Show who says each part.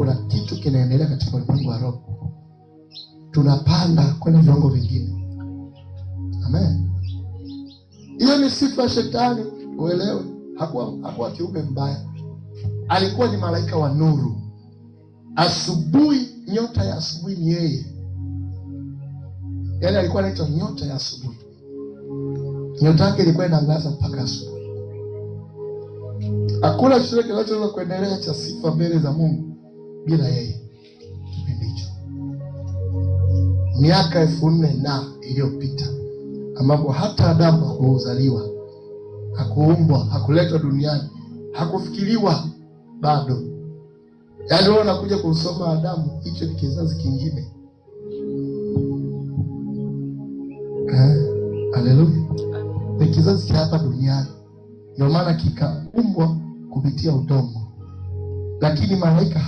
Speaker 1: kuna kitu kinaendelea katika ulimwengu wa roho, tunapanda kwenda viwango vingine. Amen. Hiyo ni sifa ya Shetani, uelewe. Hakuwa, hakuwa kiumbe mbaya, alikuwa ni malaika wa nuru. Asubuhi, nyota ya asubuhi ni yeye, yaani alikuwa anaitwa nyota ya asubuhi. Nyota yake ilikuwa inaangaza mpaka asubuhi. Hakuna chochote kinachoweza kuendelea cha sifa mbele za Mungu bila mm-hmm. yeye kipindi hicho, miaka elfu nne na iliyopita, ambapo hata Adamu hakuzaliwa, hakuumbwa, hakuletwa duniani, hakufikiriwa bado. Yaani wewe unakuja kusoma Adamu, hicho ni kizazi kingine. Eh, haleluya, ni kizazi cha hapa duniani, ndio maana kikaumbwa kupitia udongo, lakini malaika